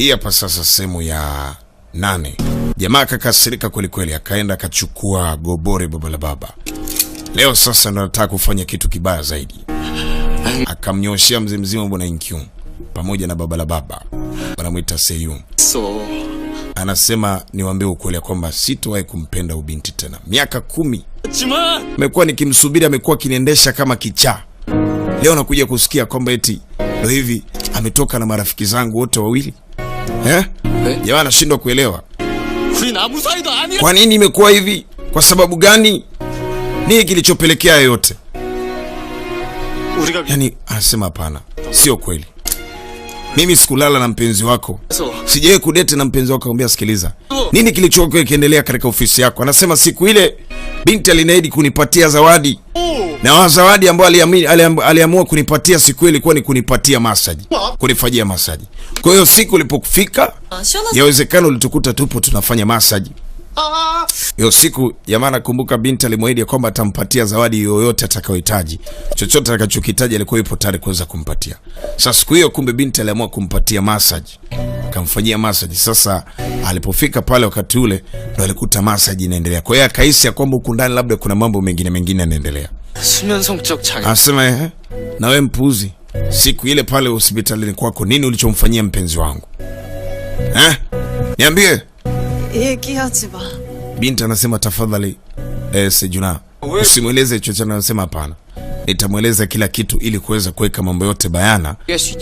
Hii hapa sasa sehemu ya nane. Jamaa akakasirika kwelikweli, akaenda akachukua gobore baba la baba. Leo sasa ndo anataka kufanya kitu kibaya zaidi, akamnyoshea mzee mzima bwana Inkyu pamoja na baba la baba, wanamwita Seyu. So anasema niwaambie ukweli ya kwamba sitowahi kumpenda ubinti tena. Miaka kumi nimekuwa nikimsubiri, amekuwa akiniendesha kama kichaa. Leo nakuja kusikia kwamba eti ndo hivi ametoka na marafiki zangu wote wawili. Eh? Eh? Jamaa anashindwa kuelewa kwa nini imekuwa hivi, kwa sababu gani, nini kilichopelekea yote. Yani anasema hapana, sio kweli mimi sikulala na mpenzi wako, sijawe kudete na mpenzi wako. Akamwambia, sikiliza, nini kilichokuwa kiendelea katika ofisi yako? Anasema siku ile binti alinaidi kunipatia zawadi oh. na zawadi ambayo aliamua kunipatia siku ile ilikuwa ni kunipatia masaji, kunifanyia masaji. Kwa hiyo siku ilipofika, ah, yawezekana ulitukuta tupo tunafanya masaji hiyo siku jamaa, nakumbuka binti alimwahidi kwamba atampatia zawadi yoyote atakayohitaji, chochote atakachokihitaji alikuwa yupo tayari kuweza kumpatia. Sasa siku hiyo, kumbe binti aliamua kumpatia massage, akamfanyia massage. Sasa alipofika pale wakati ule ndo alikuta massage inaendelea, kwa hiyo akahisi ya kwamba huku ndani labda kuna mambo mengine mengine yanaendelea. Asema eh, na we mpuzi, siku ile pale hospitalini kwako nini ulichomfanyia mpenzi wangu eh? Niambie Eh, binti anasema tafadhali, eh, Sejuna usimweleze chochote. Anasema hapana, nitamweleza kila kitu ili kuweza kuweka mambo yote bayana,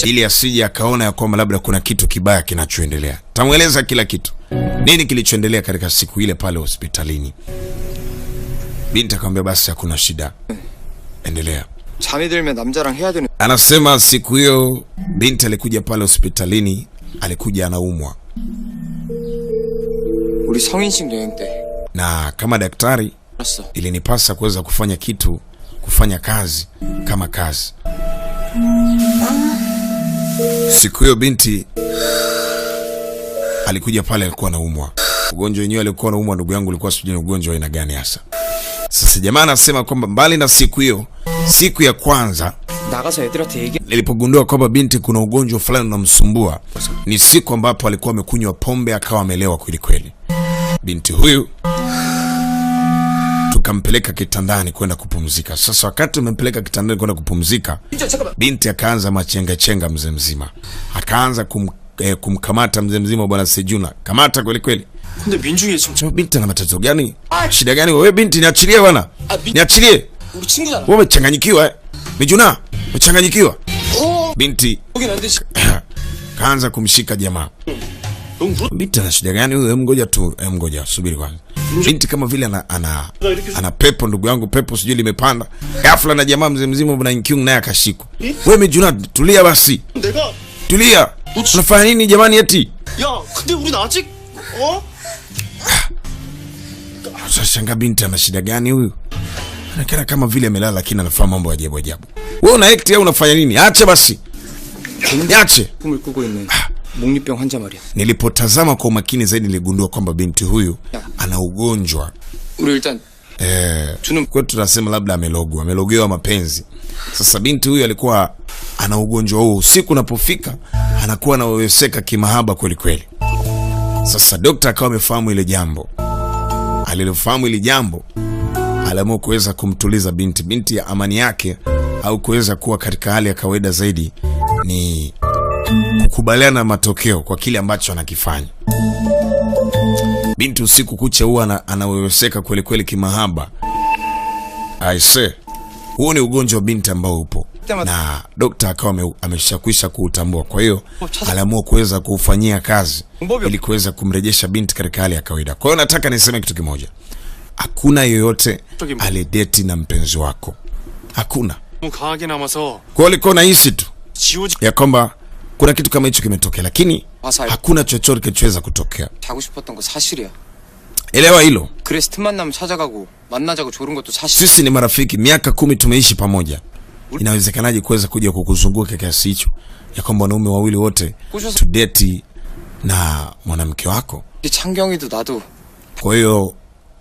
ili asije akaona ya kwamba labda kuna kitu kibaya kinachoendelea. Tamweleza kila kitu, nini kilichoendelea katika siku ile pale hospitalini. Binti akamwambia basi, hakuna shida, endelea. Anasema siku hiyo binti alikuja pale hospitalini, alikuja anaumwa 우리 성인식 여행 Na kama daktari ilinipasa kuweza kufanya kitu, kufanya kazi kama kazi. Siku hiyo binti alikuja pale, alikuwa anaumwa ugonjwa wenyewe alikuwa anaumwa ndugu yangu, alikuwa sijui ni ugonjwa aina gani hasa. Sasa jamaa anasema kwamba mbali na siku hiyo, siku ya kwanza nilipogundua kwamba binti kuna ugonjwa fulani unamsumbua, ni siku ambapo alikuwa amekunywa pombe akawa amelewa kwelikweli binti huyu tukampeleka kitandani kwenda kupumzika. Sasa wakati umempeleka kitandani kwenda kupumzika, binti akaanza machengachenga mzee mzima, akaanza kum, eh, kumkamata mzee mzima, bwana Sejuna, kamata kweli kweli. Binti ana matatizo gani? Shida gani? Wewe binti, niachilie bwana, ah, niachilie. Wewe umechanganyikiwa eh? Mijuna, umechanganyikiwa. Oh. Binti kaanza kumshika jamaa hmm. Bita na shida gani huyo? Ngoja tu, ngoja subiri kwanza. Binti kama vile ana ana, ana pepo ndugu yangu, pepo sijui limepanda ghafla, na jamaa mzee mzima bwana Nkyung naye akashikwa. Wewe Mejunad, tulia basi, tulia. Unafanya nini jamani? Eti sashanga, binti ana shida gani huyu? Anakana kama vile amelala, lakini anafanya mambo ajabu ajabu. Wewe una act au unafanya nini? Ache basi, ache Nilipotazama kwa umakini zaidi niligundua kwamba binti huyu ana ugonjwa 우리 일단 eh, kwetu tunasema labda amelogwa, amelogewa mapenzi. Sasa binti huyu alikuwa ana ugonjwa huo, usiku unapofika anakuwa anaweweseka kimahaba kweli kweli. Sasa dokt akawa amefahamu ile jambo, alilofahamu ile jambo aliamua kuweza kumtuliza binti. Binti ya amani yake au kuweza kuwa katika hali ya kawaida zaidi ni kukubaliana na matokeo kwa kile ambacho anakifanya. Binti usiku kucha huwa anaweweseka kweli kweli kimahaba. say, huo ni ugonjwa wa binti ambao upo na dokta akawa ameshakwisha kuutambua, kwa hiyo oh, aliamua kuweza kuufanyia kazi ili kuweza kumrejesha binti katika hali ya kawaida. Kwa hiyo nataka niseme kitu kimoja, hakuna yoyote alideti na mpenzi wako, hakuna. Kwa hiyo alikuwa nahisi tu ya kwamba kuna kitu kama hicho kimetokea, lakini ah, hakuna chochote kilichoweza kutokea. Elewa hilo. Sisi ni marafiki, miaka kumi tumeishi pamoja. Inawezekanaje kuweza kuja kukuzunguka kiasi hicho ya kwamba wanaume wawili wote tudeti na mwanamke wako? Kwa hiyo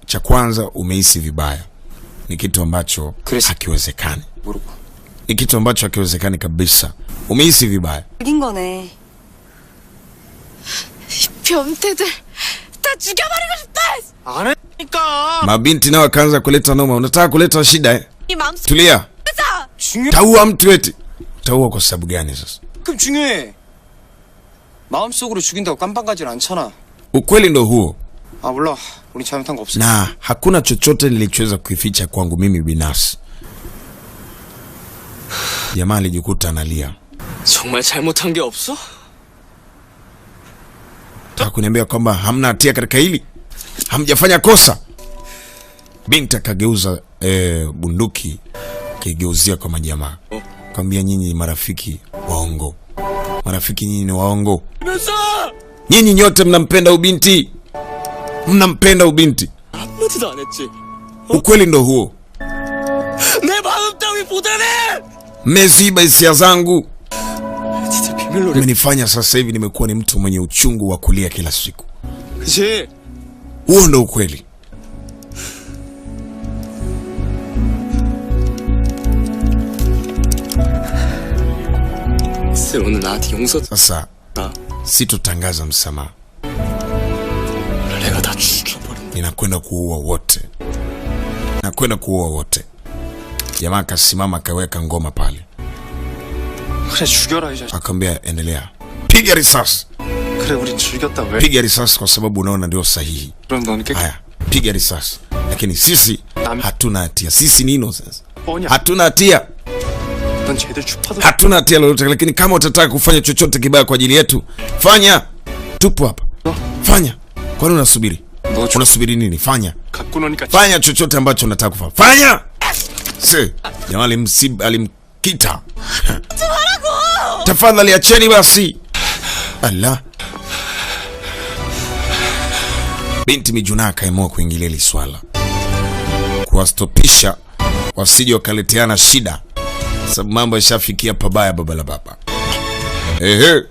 cha kwanza umehisi vibaya, ni kitu ambacho hakiwezekani, ni kitu ambacho hakiwezekani kabisa umehisi vibaya. 린 거네. 이 변태들 다 죽여버리고 싶다. 안 Mabinti nao akaanza kuleta noma. Unataka kuleta shida eh? Tulia, 회사 taua mtu eti. Taua kwa sababu gani sasa? 그럼 중요해 마음속으로 죽인다고 깜빵 가진 않잖아 Ukweli ndo huo, 아 몰라 우린 잘못한 거 없어 na hakuna chochote nilichoweza kuificha kwangu mimi binafsi. Jamaa alijikuta analia. 정말 잘못한 게 없어? Hakuniambia kwamba hamna hatia katika hili, hamjafanya kosa. Binti akageuza eh, bunduki akaigeuzia kwa majamaa, kawambia nyinyi marafiki waongo, marafiki nyinyi ni waongo, nyinyi nyote mnampenda ubinti, mnampenda ubinti. Ukweli ndo huo, mmeziba hisia zangu limenifanya sasa hivi nimekuwa ni mtu mwenye uchungu wa kulia kila siku. Huo ndo ukweli. Sasa ah. sitotangaza msamaha, ninakwenda kuua wote, nakwenda kuua wote. Jamaa akasimama akaweka ngoma pale 그래 죽여라 이제 자식. endelea, piga risasi. 그래 우린 죽였다 왜? Piga risasi kwa sababu unaona ndio sahihi. 그럼 넌 깨. Haya, piga risasi, lakini sisi 남- hatuna hatia. Sisi ni innocent, 뻔히 hatuna hatia, hatuna hatia lolote. Lakini kama utataka kufanya chochote kibaya kwa ajili yetu, fanya. Tupo hapa, fanya. Kwani unasubiri 너 unasubiri nini? Fanya. 갖고 노니까 fanya chochote ambacho unataka kufanya fanya si jamaa alimsi- alim- kita. Tafadhali acheni basi. Ala. Binti Mijuna akaamua kuingilia hili swala, kuwastopisha wasije wakaleteana shida, sababu mambo yashafikia pabaya baba la baba. Ehe.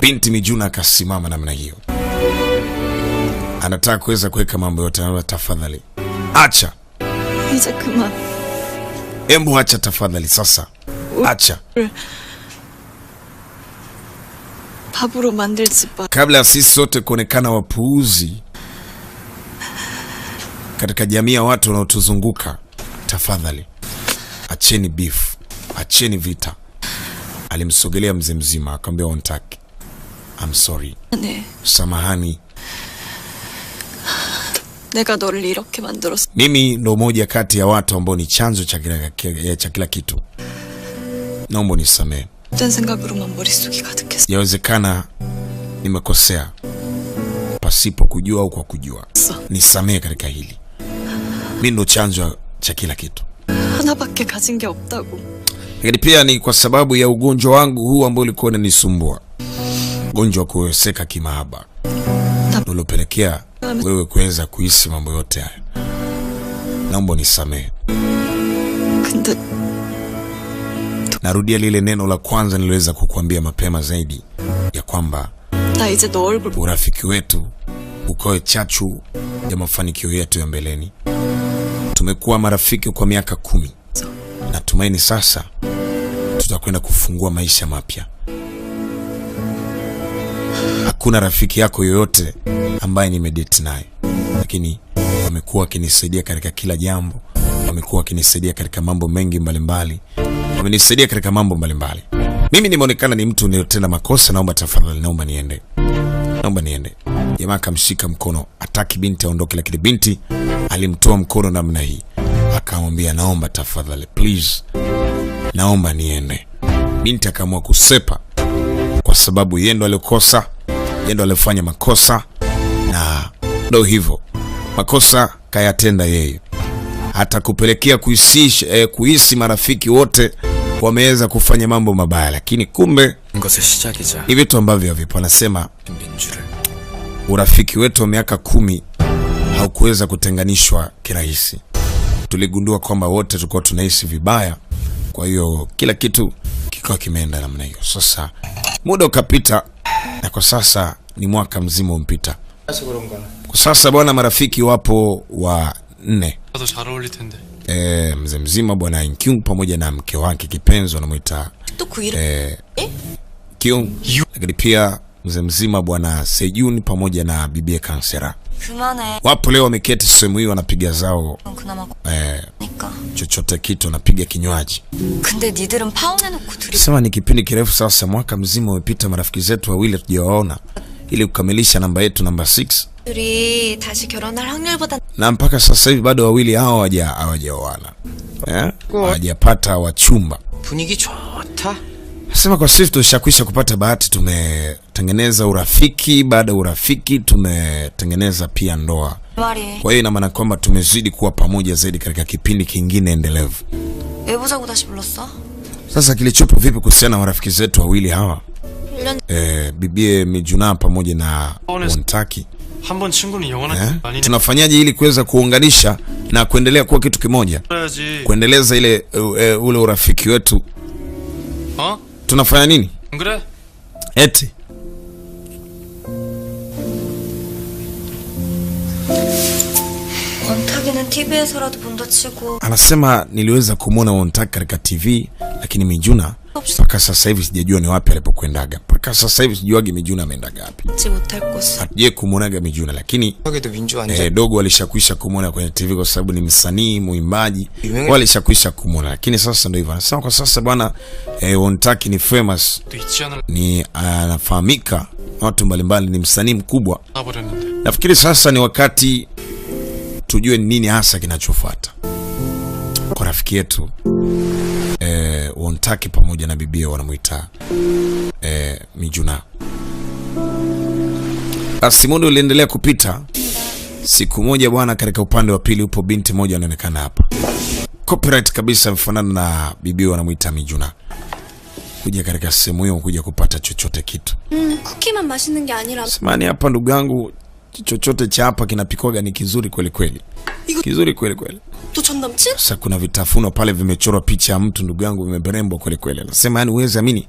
Binti Mijuna akasimama namna hiyo, anataka kuweza kuweka mambo yote. Tafadhali acha Itakuma. Hebu hacha tafadhali sasa, acha kabla ya sisi sote kuonekana wapuuzi katika jamii ya watu wanaotuzunguka. Tafadhali acheni beef, acheni vita. Alimsogelea mzee mzima akamwambia, ontaki I'm sorry, samahani 내가 너를 이렇게 만들었어. Mimi ndo moja kati ya watu ambao ni chanzo cha kila, cha kila kitu. Naomba nisamehe. 딴 생각으로만 머릿속이 가득했어. Yawezekana nimekosea pasipo kujua au kwa kujua. Nisamehe katika hili. Mimi ndo chanzo cha kila kitu. 하나밖에 가진 게 없다고. Lakini pia ni kwa sababu ya ugonjwa wangu huu ambao ulikuwa unanisumbua. Ugonjwa wa kuweseka kimahaba. ndo ulopelekea wewe kuweza kuhisi mambo yote haya. Naomba nisamehe. Narudia lile neno la kwanza niliweza kukuambia mapema zaidi ya kwamba urafiki wetu ukawe chachu ya mafanikio yetu ya mbeleni. Tumekuwa marafiki kwa miaka kumi. Natumaini sasa tutakwenda kufungua maisha mapya hakuna rafiki yako yoyote ambaye nimedate naye, lakini wamekuwa wakinisaidia katika kila jambo, wamekuwa wakinisaidia katika mambo mengi mbalimbali, wamenisaidia katika mambo mbalimbali. Mimi nimeonekana ni mtu unayotenda makosa, naomba tafadhali, naomba niende, naomba niende. Jamaa akamshika mkono, ataki binti aondoke, lakini binti alimtoa mkono namna hii, akamwambia naomba tafadhali, please, naomba niende. Binti akaamua kusepa kwa sababu yeye ndo aliokosa, yeye ndo alifanya makosa na ndo hivyo makosa kayatenda yeye, hata kupelekea kuhisi eh, kuhisi marafiki wote wameweza kufanya mambo mabaya, lakini kumbe ni vitu ambavyo havipo. Anasema urafiki wetu wa miaka kumi haukuweza kutenganishwa kirahisi. Tuligundua kwamba wote tulikuwa tunahisi vibaya, kwa hiyo kila kitu kikawa kimeenda namna hiyo. Sasa muda ukapita, na kwa sasa ni mwaka mzima umpita. Kwa sasa bwana, marafiki wapo wa nne e, mzee mzima bwana Nkyung pamoja na mke wake kipenzi wanamwita e, eh? Kyung, lakini pia mzee mzima bwana sejun pamoja na bibie Kansera wapo leo wameketi sehemu hii wanapiga zao eh, chochote kitu wanapiga kinywaji. Sema ni kipindi kirefu sasa, mwaka mzima umepita, marafiki zetu wawili hatujawaona ili kukamilisha namba yetu namba 6 na mpaka sasa hivi bado wawili hao hawajaoana, eh? hawajapata wachumba. Sema kwa Swift ushakwisha kupata bahati, tumetengeneza urafiki, baada ya urafiki tumetengeneza pia ndoa. Kwa hiyo ina maana kwamba tumezidi kuwa pamoja zaidi katika kipindi kingine endelevu. Sasa kilichopo vipi kuhusiana na marafiki zetu wawili hawa e, bibie Mijuna pamoja na Montaki eh? Tunafanyaje ili kuweza kuunganisha na kuendelea kuwa kitu kimoja, kuendeleza ile uh, uh, ule urafiki wetu huh? tunafanya nini eti anasema niliweza kumwona Wontag katika TV, lakini mijuna mpaka sasa hivi sijajua ni wapi alipokwendaga mpaka sasa hivi sijuagi Mijuna ameenda gapi, hatuje ah, kumwonaga Mijuna, lakini eh, dogo walishakwisha kumwona kwenye TV kwa sababu ni msanii mwimbaji, alishakwisha kumwona. Lakini sasa ndo hivyo, anasema kwa sasa bwana eh, Wontaki ni famous, ni ah, anafahamika uh, watu mbalimbali, ni msanii mkubwa. Nafikiri sasa ni wakati tujue nini hasa kinachofuata kwa rafiki yetu eh, Wontaki pamoja na bibie wanamwita eh, Mijuna. Asimundo iliendelea kupita. Siku moja bwana, katika upande wa pili upo binti moja anaonekana hapa, copyright kabisa, mfanana na bibi wanamwita Mijuna. Kuja katika sehemu hiyo kuja kupata chochote kitu samani hapa, ndugu yangu, chochote cha hapa kinapikwaga ni kizuri kweli kweli, kizuri kweli kweli. Sasa kuna vitafuno pale vimechorwa picha ya mtu ndugu yangu, vimerembwa kweli kweli. Anasema yani uwezi amini,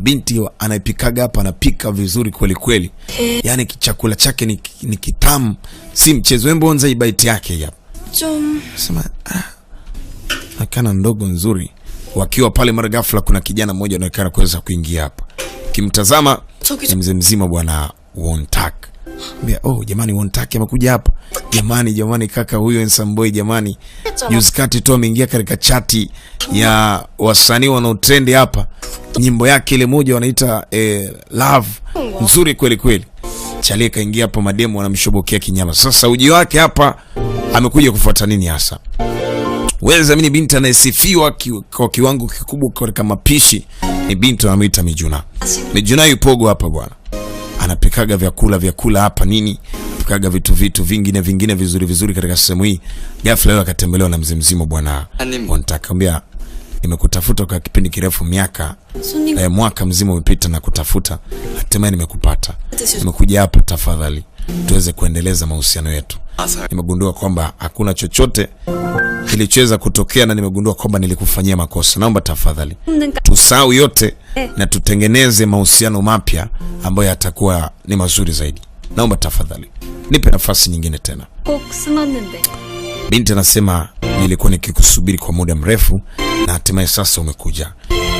binti anaipikaga hapa anapika vizuri kweli kweli. Eh. Yani chakula chake ni, ni kitamu, si mchezo. Wembo onza ibaiti yake hapa. Sema ah, ndogo nzuri. Wakiwa pale mara ghafla kuna kijana mmoja anaonekana kuweza kuingia hapa. Kimtazama mzee mzima bwana Wontak. Mbia, oh jamani wontaki amekuja hapa. Jamani jamani kaka huyo handsome boy jamani. Juzi kati tu ameingia katika chati ya wasanii wanaotrend hapa. Nyimbo yake ile moja wanaita eh, Love. Nzuri kweli kweli. Chalie kaingia hapa mademo wanamshobokea kinyama. Sasa uji wake hapa amekuja kufuata nini hasa? Weza mimi binti anayesifiwa ki, kwa kiwango kikubwa katika mapishi ni binti anaitwa Mijuna. Mijuna yupogo hapa bwana anapikaga vyakula vyakula hapa nini, anapikaga vitu vitu vingine vingine vizuri vizuri katika sehemu hii. Ghafla leo akatembelewa na mzee mzima bwana Monta, nimekutafuta kwa kipindi kirefu miaka eh, mwaka mzima umepita na kutafuta, hatimaye nimekupata. Nimekuja hapa tafadhali tuweze kuendeleza mahusiano yetu. Nimegundua kwamba hakuna chochote kilichoweza kutokea na nimegundua kwamba nilikufanyia makosa. Naomba tafadhali tusahau yote Eh. na tutengeneze mahusiano mapya ambayo yatakuwa ni mazuri zaidi. Naomba tafadhali nipe nafasi nyingine tena. Binti anasema nilikuwa nikikusubiri kwa muda mrefu na hatimaye sasa umekuja.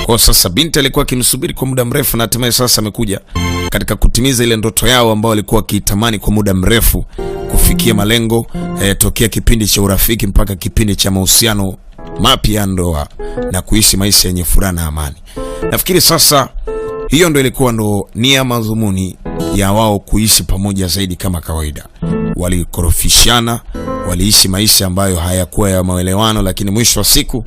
Kwa sasa binti alikuwa akimsubiri kwa muda mrefu na hatimaye sasa amekuja katika kutimiza ile ndoto yao ambao walikuwa wakiitamani kwa muda mrefu kufikia malengo eh, tokea kipindi cha urafiki mpaka kipindi cha mahusiano mapya ndoa na kuishi maisha yenye furaha na amani. Nafikiri sasa hiyo ndo ilikuwa ndo nia madhumuni ya wao kuishi pamoja zaidi kama kawaida. Walikorofishana, waliishi maisha ambayo hayakuwa ya maelewano, lakini mwisho wa siku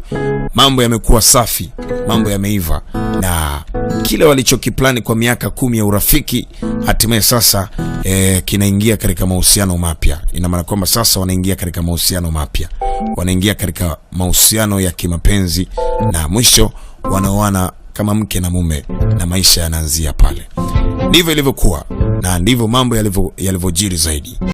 mambo yamekuwa safi, mambo yameiva, na kile walichokiplani kwa miaka kumi ya urafiki hatimaye sasa e, kinaingia katika mahusiano mapya. Ina maana kwamba sasa wanaingia katika mahusiano mapya, wanaingia katika mahusiano ya kimapenzi na mwisho wanaoana kama mke na mume, na maisha yanaanzia pale. Ndivyo ilivyokuwa na ndivyo mambo yalivyojiri zaidi.